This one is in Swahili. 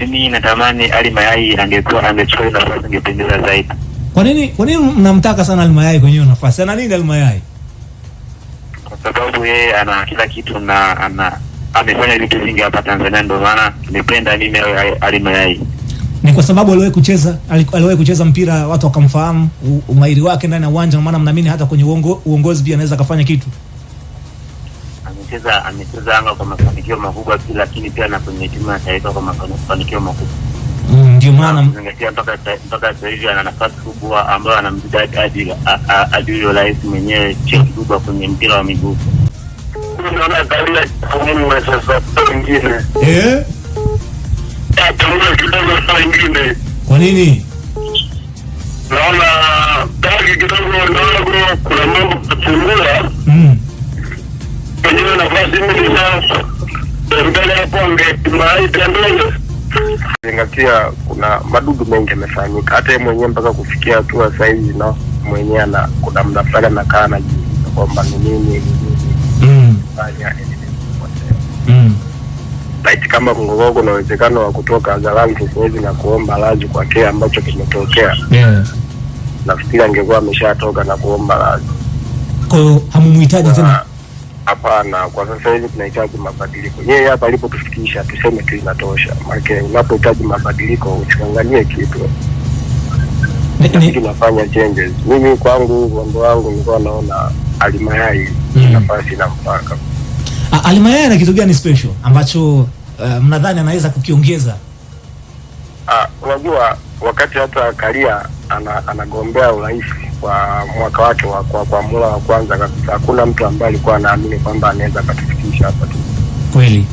Mimi natamani Ali Mayai angekuwa angechukua nafasi ingependeza zaidi. Kwa nini kwa nini mnamtaka sana Ali Mayai kwenye hiyo nafasi? Ana nini Ali Mayai? Kwa sababu yeye ana kila kitu na ana amefanya vitu vingi hapa Tanzania, ndio maana nimependa mimi Ali Mayai. Ni kwa sababu aliwahi kucheza aliwahi kucheza mpira watu wakamfahamu umahiri wake ndani ya uwanja, maana mnaamini hata kwenye uongo, uongozi pia anaweza akafanya kitu amecheza amecheza Yanga kwa mafanikio makubwa, lakini pia na kwenye timu ya taifa kwa mafanikio makubwa mm, ndio maana zingatia mpaka mpaka sasa hivi ana nafasi kubwa ambayo anamdai hadi hadi yule rais mwenyewe cheo kikubwa kwenye mpira wa miguu. Unaona dalili muhimu na sasa nyingine. Eh? Atumia ah, kidogo saa nyingine. Kwa nini? Naona dalili kidogo ndogo kuna mambo kupungua zingatia kuna madudu mengi yamefanyika, hata yeye mwenyewe mpaka kufikia hatua saa hizi na mwenyewe ana kuna muda fulani na anajiuliza kwamba ni nini mm. fanya mm. like kama kungekuwa kuna uwezekano wa kutoka hadharani sasa hivi na kuomba radhi kwa kile ambacho kimetokea, yeah. nafikiri angekuwa ameshatoka na kuomba radhi. Kwa hiyo hamumhitaji tena Hapana, kwa sasa hivi tunahitaji mabadiliko. Yeye hapa alipotufikisha, tuseme tu inatosha, maana unapohitaji mabadiliko usianganie kitu kinafanya changes. Mimi kwangu, mambo wangu nilikuwa naona Alimayai mm. nafasi na mpaka Alimayai na kitu gani special ambacho uh, mnadhani anaweza kukiongeza? Ah, unajua wakati hata Karia anagombea ana urais kwa mwaka wake wa kwa, kwa mula wa kwanza kabisa. Hakuna mtu ambaye alikuwa anaamini kwamba anaweza akatufikisha hapa tu kweli.